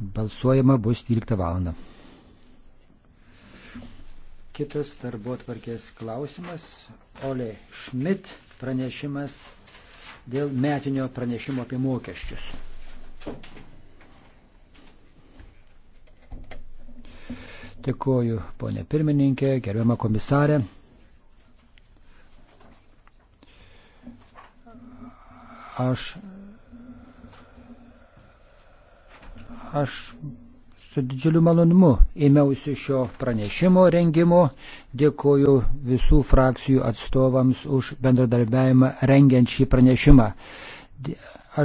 Balsuojama bus 12 val. Kitas darbo tvarkės klausimas. Ole Schmidt pranešimas dėl metinio pranešimo apie mokesčius. Dėkuoju, ponė pirmininkė, gerbiama komisarė. Aš Aš su didžiuliu malonumu ėmiausi šio pranešimo rengimo. Dėkoju visų frakcijų atstovams už bendradarbiavimą rengiant šį pranešimą.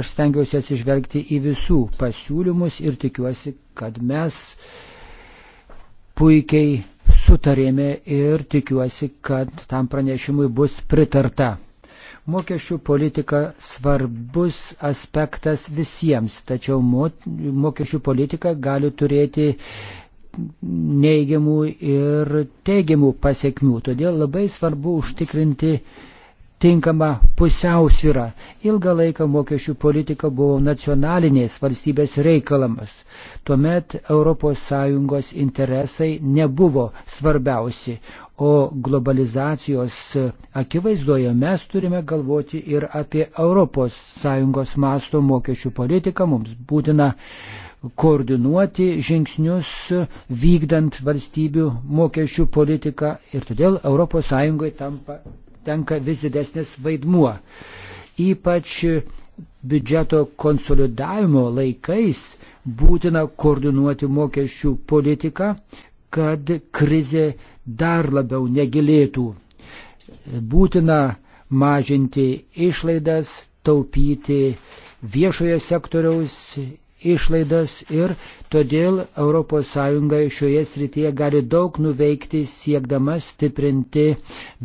Aš stengiausi atsižvelgti į visų pasiūlymus ir tikiuosi, kad mes puikiai sutarėme ir tikiuosi, kad tam pranešimui bus pritarta. Mokesčių politika svarbus aspektas visiems, tačiau mokesčių politika gali turėti neigiamų ir teigiamų pasiekmių. Todėl labai svarbu užtikrinti tinkamą pusiausvyrą. Ilgą laiką mokesčių politika buvo nacionalinės valstybės reikalamas. Tuomet ES interesai nebuvo svarbiausi, O globalizacijos akivaizdoje mes turime galvoti ir apie ES masto mokesčių politiką. Mums būtina koordinuoti žingsnius vykdant valstybių mokesčių politiką ir todėl ES tampa, tenka vis didesnis vaidmuo. Ypač biudžeto konsolidavimo laikais būtina koordinuoti mokesčių politiką, kad krizė dar labiau negilėtų. Būtina mažinti išlaidas, taupyti viešojo sektoriaus išlaidas ir todėl ES šioje srityje gali daug nuveikti siekdama stiprinti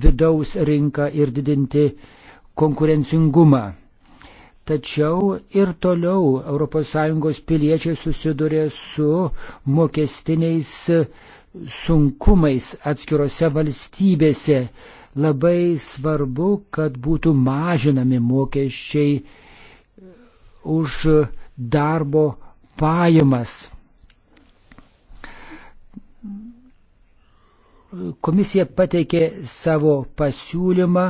vidaus rinką ir didinti konkurencingumą. Tačiau ir toliau ES piliečiai susiduria su mokestiniais sunkumais atskirose valstybėse. Labai svarbu, kad būtų mažinami mokesčiai e, už darbo pajamas. Komisija pateikė savo pasiūlymą,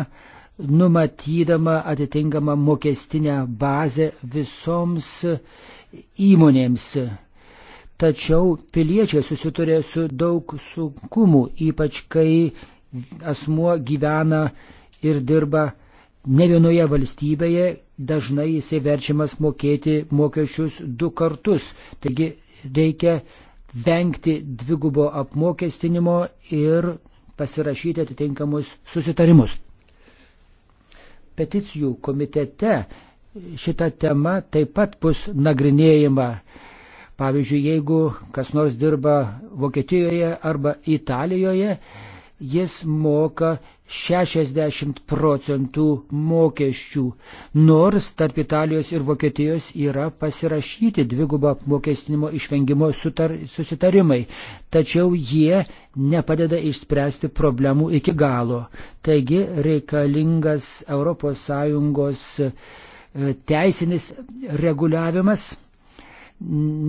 numatydama atitinkamą mokestinę bazę visoms įmonėms tačiau piliečiai susituria su daug sunkumų, ypač kai asmuo gyvena ir dirba ne vienoje valstybėje, dažnai jisai verčiamas mokėti mokesčius du kartus. Taigi reikia vengti dvigubo apmokestinimo ir pasirašyti atitinkamus susitarimus. Peticijų komitete šita tema taip pat bus nagrinėjama Pavyzdžiui, jeigu kas nors dirba Vokietijoje arba Italijoje, jis moka 60 procentų mokesčių, nors tarp Italijos ir Vokietijos yra pasirašyti dvigubą apmokestinimo išvengimo sutar, susitarimai, tačiau jie nepadeda išspręsti problemų iki galo. Taigi reikalingas ES e, teisinis reguliavimas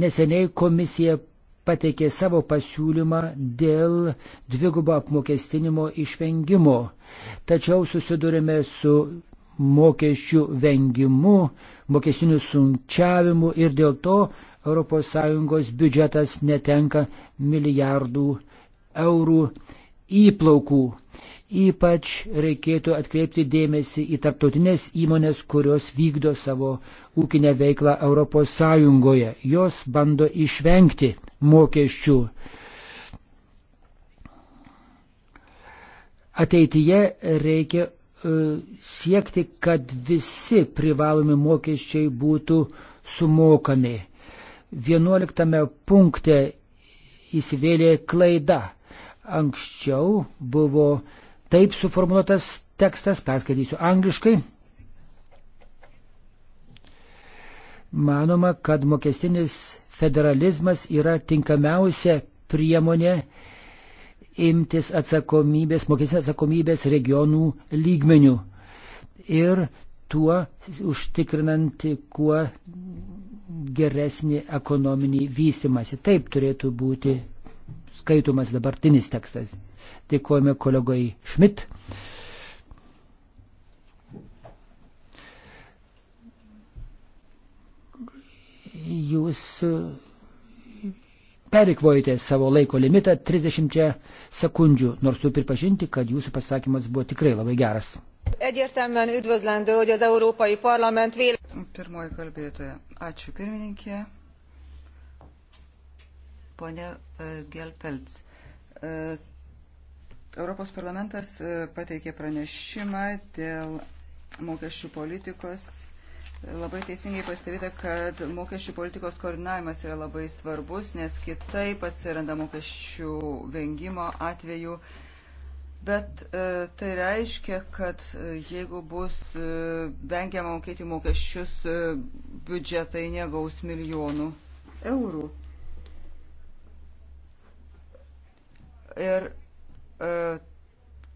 Neseniai komisija pateikė savo pasiūlymą dėl dvigubo apmokestinimo išvengimo, tačiau susidurime su mokesčių vengimu, mokestiniu sunčiavimu ir dėl to ES biudžetas netenka milijardų eurų įplaukų. Ypač reikėtų atkreipti dėmesį į tarptautinės įmonės, kurios vykdo savo ūkinę veiklą ES. Jos bando išvengti mokesčių. Ateityje reikia e, siekti, kad visi privalomi mokesčiai būtų sumokami. 11 punkte įsivėlė klaida. Anksčiau buvo Taip suformuotas tekstas, perskaitysiu angliškai. Manoma, kad mokestinis federalizmas yra tinkamiausia priemonė imtis atsakomybės, mokestinės atsakomybės regionų lygmenių ir tuo užtikrinant kuo geresnį ekonominį vystimąsi. Taip turėtų būti skaitomas dabartinis tekstas. Dėkojame kolegai Šmit. Jūs e, perikvojate savo laiko limitą 30 sekundžių, nors turiu pripažinti, kad jūsų pasakymas buvo tikrai labai geras. Egyértelműen üdvözlendő, hogy az Európai Parlament véle... Pirmoji kalbėtoja. Ačiū pirmininkė. Pone e, Gelpelts. E, Europos parlamentas e, pateikė pranešimą dėl mokesčių politikos. E, labai teisingai pastebėta, kad mokesčių politikos koordinavimas yra labai svarbus, nes kitaip atsiranda mokesčių vengimo atveju. Bet e, tai reiškia, kad e, jeigu bus e, vengiama mokėti mokesčius, e, biudžetai negaus milijonų eurų. Ir E,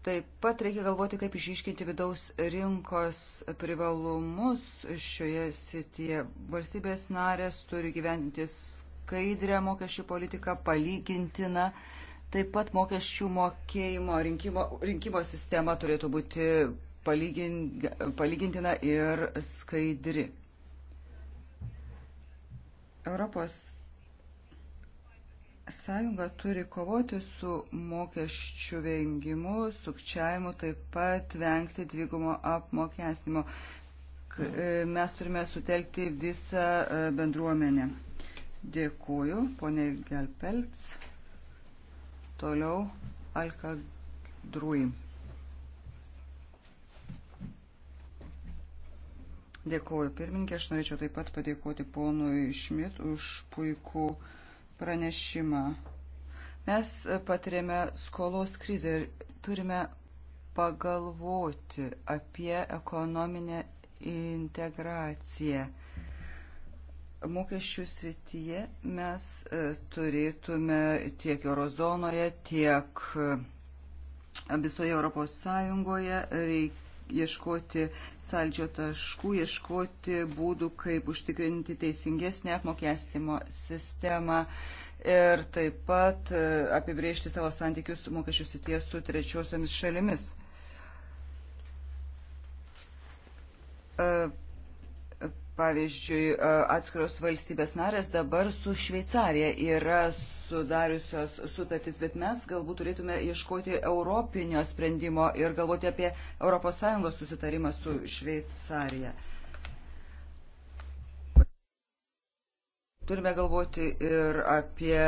taip pat reikia galvoti, kaip išiškinti vidaus rinkos privalumus šioje sityje. Valstybės narės turi gyventi skaidrę mokesčių politiką, palygintiną. Taip pat mokesčių mokėjimo rinkimo, rinkimo sistema turėtų būti palygin, palygintina ir skaidri. Europos sąjunga turi kovoti su mokesčių vengimu, sukčiavimu, taip pat vengti dvigumo apmokestinimo. E, mes turime sutelkti visą e, bendruomenę. Dėkuoju, ponė Gelpelts. Toliau Alka Drui. Dėkuoju pirmininkė, aš norėčiau taip pat padėkoti ponui Šmit už puikų uh, pranešimą. Mes patirėme skolos krizę ir turime pagalvoti apie ekonominę integraciją. Mokesčių srityje mes e, turėtume tiek eurozonoje, tiek e, visoje Europos Sąjungoje reikia ieškoti saldžio taškų, ieškoti būdų, kaip užtikrinti teisingesnę apmokestimo sistemą ir taip pat e, apibriežti savo santykius mokesčių sities su trečiosiomis šalimis. E, Pavyzdžiui, e, atskiros valstybės narės dabar su Šveicarija yra sudariusios sutartis, bet mes galbūt turėtume ieškoti europinio sprendimo ir galvoti apie ES susitarimą su Šveicarija. Turime galvoti ir apie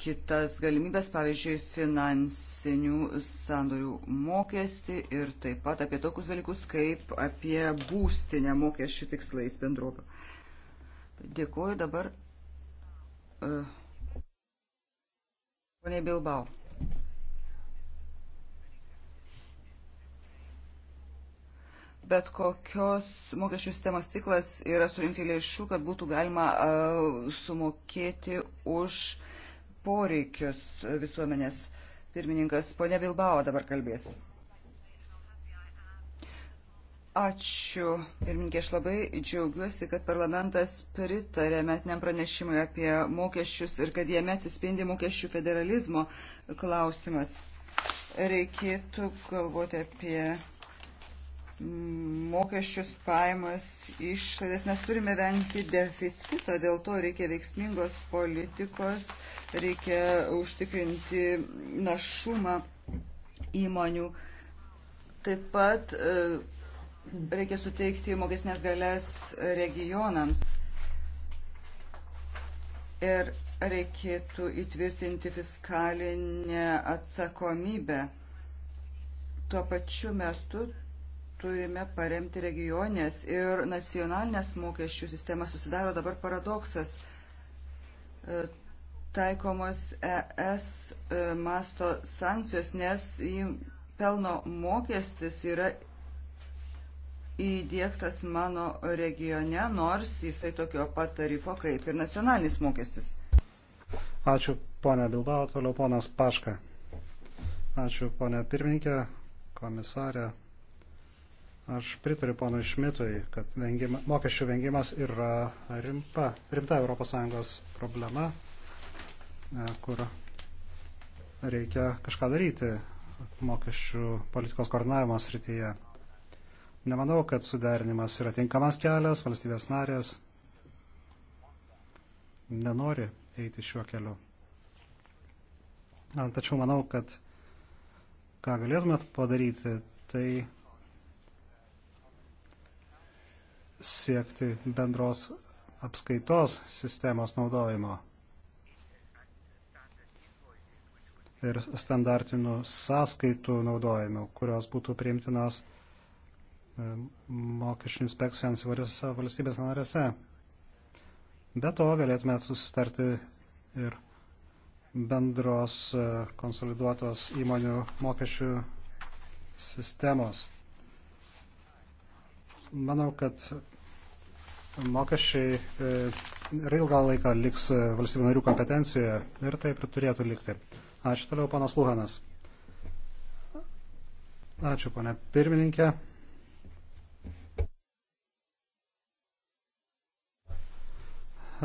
kitas galimybės, pavyzdžiui, finansinių sandorių mokestį ir taip pat apie tokius dalykus, kaip apie būstinę mokesčių tikslais bendrovę. Dėkuoju dabar. E, Pone Bilbao. bet kokios mokesčių sistemos tiklas yra surinkti lėšų, kad būtų galima uh, sumokėti už uh, poreikius visuomenės. Pirmininkas, ponia Bilbao dabar kalbės. Ačiū. Pirmininkė, aš labai džiaugiuosi, kad parlamentas pritarė metiniam pranešimui apie mokesčius ir kad jame atsispindi mokesčių federalizmo klausimas. Reikėtų galvoti apie mokesčius, pajamas, išlaidas. Mes turime vengti deficito, dėl to reikia veiksmingos politikos, reikia užtikrinti našumą įmonių. Taip pat e, reikia suteikti mokesnės galės regionams. Ir reikėtų įtvirtinti fiskalinę atsakomybę. Tuo pačiu metu turime paremti regionės ir nacionalinės mokesčių sistemas. Susidaro dabar paradoksas. E, taikomos ES e, masto sankcijos, nes pelno mokestis yra įdėktas mano regione, nors jisai tokio pat tarifo kaip ir nacionalinis mokestis. Ačiū, ponia Bilbao, toliau ponas Paška. Ačiū, ponia pirmininkė, komisarė, Aš pritariu ponui Šmitui, kad vengima, mokesčių vengimas yra rimpa, rimta ES problema, e, kur reikia kažką daryti mokesčių politikos koordinavimo srityje. Nemanau, kad suderinimas yra tinkamas kelias, valstybės narės nenori eiti šiuo keliu. Tačiau manau, kad ką galėtumėt padaryti, tai siekti bendros apskaitos sistemos naudojimo ir standartinių sąskaitų naudojimo, kurios būtų priimtinos e, mokesčių inspekcijoms įvairiose valstybės narėse. Be to galėtume susitarti ir bendros e, konsoliduotos įmonių mokesčių sistemos. Manau, kad mokesčiai e, ir ilgą laiką liks e, valstybių narių kompetencijoje ir taip ir turėtų likti. Ačiū toliau, panas Luhanas. Ačiū, ponė pirmininkė.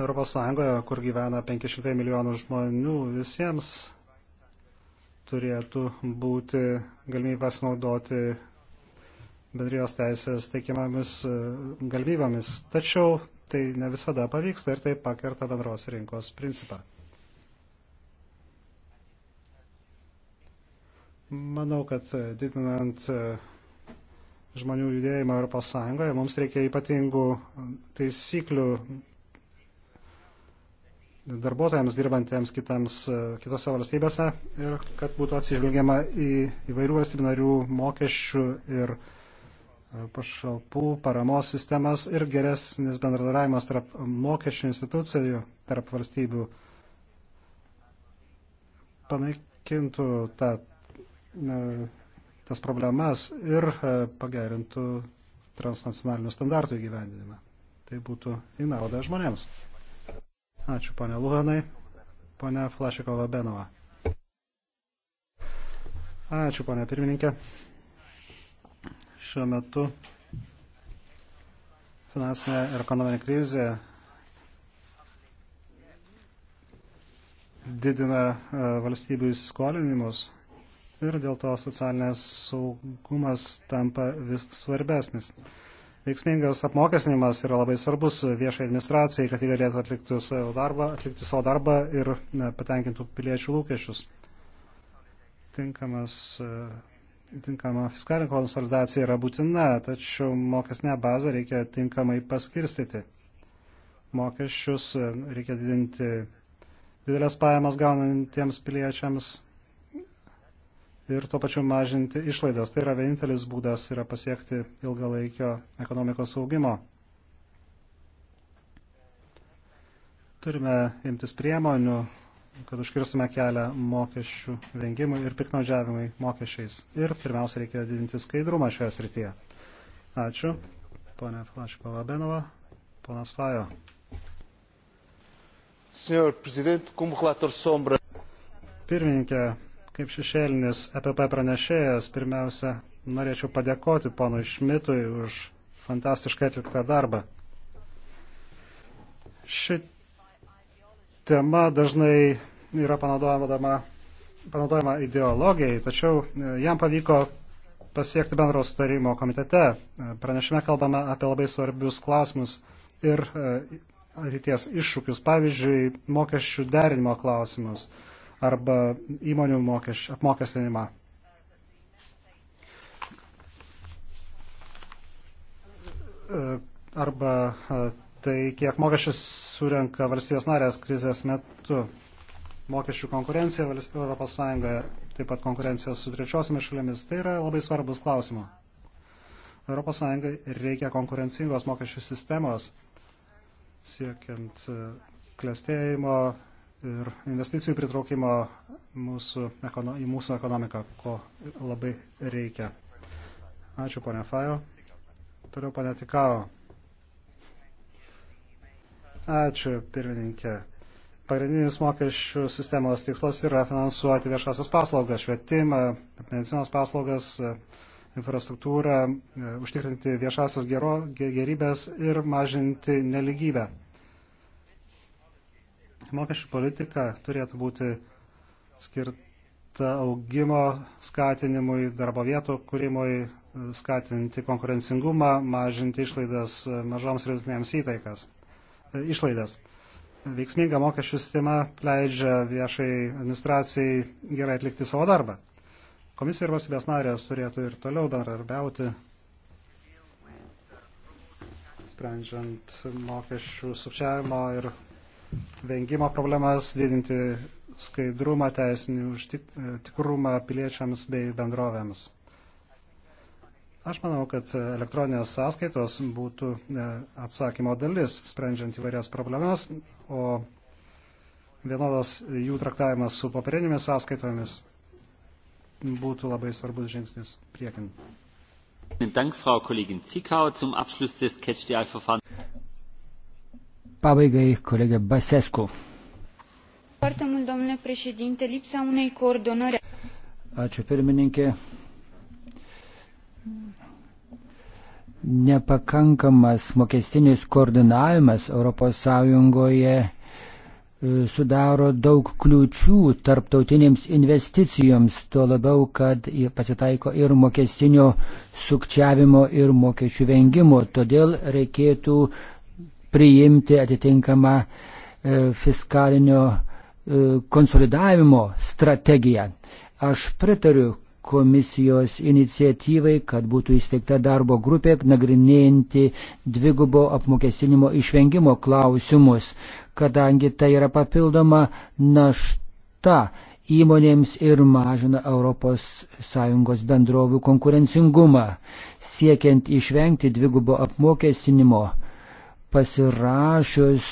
Europos Sąjungoje, kur gyvena 500 milijonų žmonių, visiems turėtų būti galimybės naudoti bendrijos teisės teikiamomis e, galimybėmis. Tačiau tai ne visada pavyksta ir tai pakerta bendros rinkos principą. Manau, kad e, didinant e, žmonių judėjimą Europos Sąjungoje mums reikia ypatingų taisyklių darbuotojams dirbantiems kitams, kitose valstybėse ir kad būtų atsižvelgiama į įvairių valstybių narių mokesčių ir uh, pašalpų, paramos sistemas ir geresnis bendradarbiavimas tarp mokesčių institucijų, tarp valstybių panaikintų tą, tas problemas ir e, pagerintų transnacionalinių standartų įgyvendinimą. Tai būtų į naudą žmonėms. Ačiū, ponia Luhanai, ponia Flašikova Benova. Ačiū, ponia pirmininkė. Šiuo metu finansinė ir ekonominė krizė didina e, valstybių įsiskolinimus ir dėl to socialinės saugumas tampa vis svarbesnis. Veiksmingas apmokesnimas yra labai svarbus viešai administracijai, kad jie galėtų atlikti savo darbą, atlikti savo darbą ir e, patenkintų piliečių lūkesčius. Tinkamas e, tinkama fiskalinė konsolidacija yra būtina, tačiau mokesnę bazą reikia tinkamai paskirstyti. Mokesčius e, reikia didinti didelės pajamas gaunantiems piliečiams ir tuo pačiu mažinti išlaidas. Tai yra vienintelis būdas yra pasiekti ilgalaikio ekonomikos augimo. Turime imtis priemonių kad užkirstume kelią mokesčių vengimui ir piknaudžiavimui mokesčiais. Ir pirmiausia, reikia didinti skaidrumą šioje srityje. Ačiū. Pone Flaškova Benova, ponas Fajo. Pirmininkė, kaip šešėlinis EPP pranešėjas, pirmiausia, norėčiau padėkoti ponui Šmitui už fantastiškai atliktą darbą. Šit tema dažnai yra panaudojama, panaudojama ideologijai, tačiau e, jam pavyko pasiekti bendro sutarimo komitete. E, pranešime kalbame apie labai svarbius klausimus ir e, ateities iššūkius, pavyzdžiui, mokesčių derinimo klausimus arba įmonių mokesčių apmokestinimą. arba tai kiek mokesčius surenka valstybės narės krizės metu. Mokesčių konkurencija Europos Sąjungoje, taip pat konkurencija su trečiosiamis šalimis, tai yra labai svarbus klausimas. Europos Sąjungai reikia konkurencingos mokesčių sistemos, siekiant e, klėstėjimo ir investicijų pritraukimo mūsų, į mūsų ekonomiką, ko labai reikia. Ačiū, ponia Fajo. Toliau, ponia Tikao. Ačiū, pirmininkė. Pagrindinis mokesčių sistemos tikslas yra finansuoti viešasias paslaugas, švietimą, medicinos paslaugas, infrastruktūrą, e, užtikrinti viešasias gero, gerybės ir mažinti neligybę. Mokesčių politika turėtų būti skirta augimo skatinimui, darbo vietų kūrimui, e, skatinti konkurencingumą, mažinti išlaidas e, mažoms ir vidutinėms įtaikas išlaidas. Veiksminga mokesčių sistema leidžia viešai administracijai gerai atlikti savo darbą. Komisija ir valstybės narės turėtų ir toliau bendradarbiauti, sprendžiant mokesčių sukčiavimo ir vengimo problemas, didinti skaidrumą, teisinį tikrumą piliečiams bei bendrovėms. Aš manau, kad elektroninės sąskaitos būtų e, atsakymo dalis, sprendžiant įvairias problemas, o vienodas jų traktavimas su popierinėmis sąskaitomis būtų labai svarbus žingsnis priekin. Pabaigai kolegė Basescu. Ačiū pirmininkė. Nepakankamas mokestinis koordinavimas ES e, sudaro daug kliūčių tarptautinėms investicijoms, tuo labiau, kad pasitaiko ir mokestinio sukčiavimo ir mokesčių vengimo. Todėl reikėtų priimti atitinkamą e, fiskalinio e, konsolidavimo strategiją. Aš pritariu komisijos iniciatyvai, kad būtų įsteigta darbo grupė, nagrinėjanti dvigubo apmokestinimo išvengimo klausimus, kadangi tai yra papildoma našta įmonėms ir mažina ES bendrovių konkurencingumą. Siekiant išvengti dvigubo apmokestinimo, pasirašius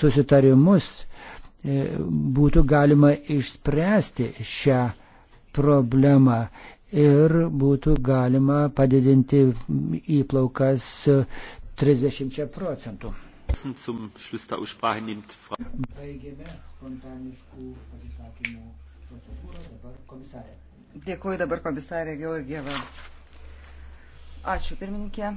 susitarimus, e, būtų galima išspręsti šią problemą ir būtų galima padidinti įplaukas 30 procentų. Baigėme spontaniškų pasisakymų procedūrą. Dabar komisarė. Dėkuoju dabar komisarė Georgieva. Ačiū pirmininkė.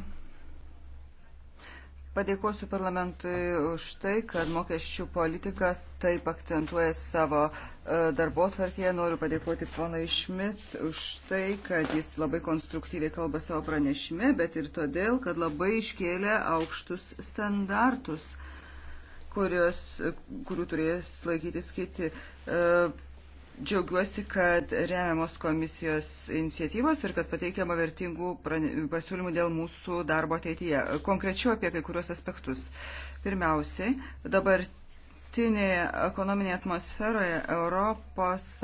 Padėkosiu parlamentui už tai, kad mokesčių politika taip akcentuoja savo e, darbo tvarkėje. Noriu padėkoti ponai Šmit už tai, kad jis labai konstruktyviai kalba savo pranešime, bet ir todėl, kad labai iškėlė aukštus standartus, kurios, kurių turės laikytis kiti. E, Džiaugiuosi, kad remiamos komisijos iniciatyvos ir kad pateikiama vertingų pasiūlymų dėl mūsų darbo ateityje. Konkrečiau apie kai kurios aspektus. Pirmiausiai, dabar dabartinėje ekonominėje atmosferoje ES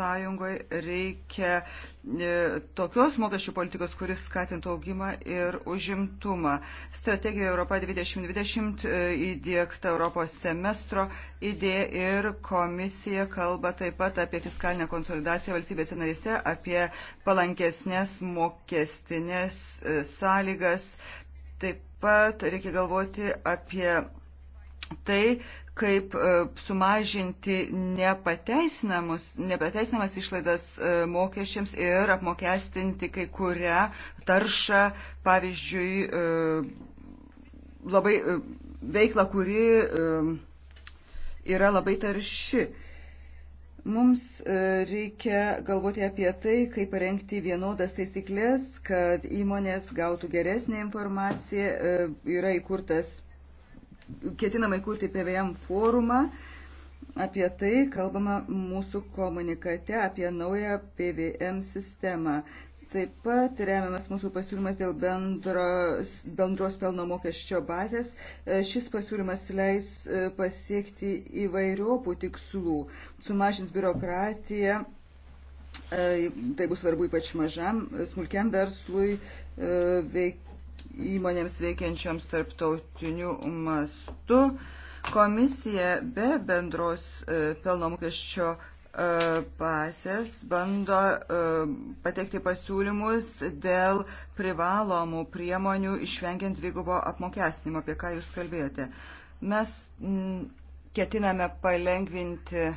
reikia e, tokios mokesčių politikos, kuris skatintų augimą ir užimtumą. Strategijoje Europa 2020 e, įdėkta Europos semestro idėja ir komisija kalba taip pat apie fiskalinę konsolidaciją valstybėse narise, apie palankesnės mokestinės e, sąlygas. Taip pat reikia galvoti apie tai, kaip e, sumažinti nepateisinamas išlaidas e, mokesčiams ir apmokestinti kai kurią taršą, pavyzdžiui, e, labai veiklą, kuri yra labai tarši. Mums reikia galvoti apie tai, kaip parengti vienodas taisyklės, kad įmonės gautų geresnį informaciją. Yra įkurtas ketinama įkurti PVM forumą. Apie tai kalbama mūsų komunikate apie naują PVM sistemą. Taip pat remiamas mūsų pasiūlymas dėl bendros, bendros pelno mokesčio bazės. E, šis pasiūlymas leis e, pasiekti įvairiopų tikslų, sumažins biurokratiją, e, tai bus svarbu ypač mažam, smulkiam verslui, veik, įmonėms veikiančioms tarptautiniu mastu. Komisija be bendros e, pelno mokesčio e, pasės bando e, pateikti pasiūlymus dėl privalomų priemonių išvengiant dvigubo apmokestinimo, apie ką jūs kalbėjote. Mes ketiname palengvinti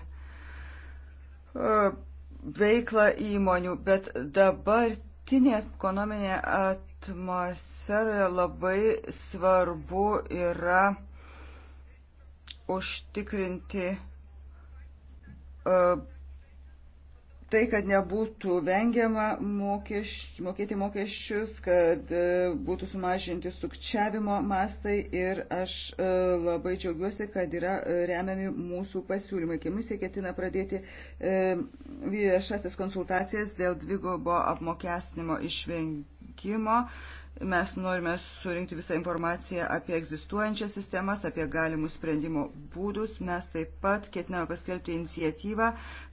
veiklą įmonių, bet dabar dabartinė ekonominė at atmosferoje labai svarbu yra užtikrinti uh, tai, kad nebūtų vengiama mokeš, mokėti mokesčius, kad uh, būtų sumažinti sukčiavimo mastai ir aš uh, labai džiaugiuosi, kad yra remiami mūsų pasiūlymai. Komisija ketina pradėti viešasias konsultacijas dėl dvigubo apmokestinimo išvengimo rinkimo Mes norime surinkti visą informaciją apie egzistuojančias sistemas, apie galimus sprendimo būdus. Mes taip pat ketiname paskelbti iniciatyvą,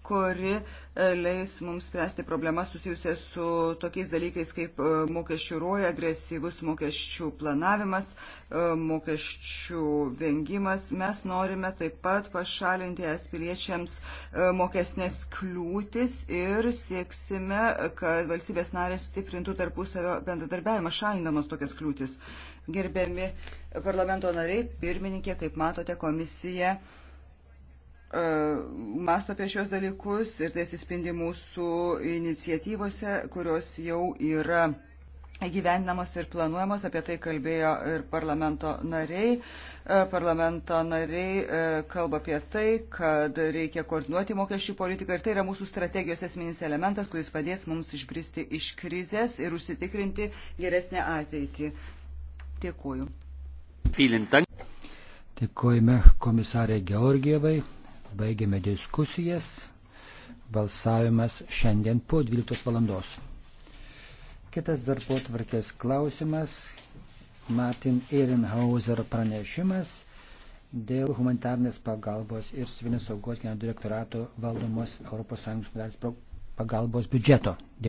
kuri e, leis mums spręsti problemas susijusias su tokiais dalykais kaip e, mokesčių roja, agresyvus mokesčių planavimas, e, mokesčių vengimas. Mes norime taip pat pašalinti es piliečiams mokesnės kliūtis ir sieksime, kad valstybės narės stiprintų tarpusavio bendradarbiavimą pašalinamos tokias kliūtis. Gerbiami parlamento nariai, pirmininkė, kaip matote, komisija e, masto apie šios dalykus ir tai atsispindi mūsų iniciatyvose, kurios jau yra įgyvendinamos ir planuojamos, apie tai kalbėjo ir parlamento nariai. E, parlamento nariai e, kalba apie tai, kad reikia koordinuoti mokesčių politiką ir tai yra mūsų strategijos esminis elementas, kuris padės mums išbristi iš krizės ir užsitikrinti geresnę ateitį. Dėkuoju. Dėkojame komisarė Georgievai, baigėme diskusijas, balsavimas šiandien po 12 valandos. Kitas darbo tvarkės klausimas - Martin Ehrenhauser pranešimas dėl humanitarnės pagalbos ir civilinės saugos generalinio direktorato valdomos ES pagalbos biudžeto.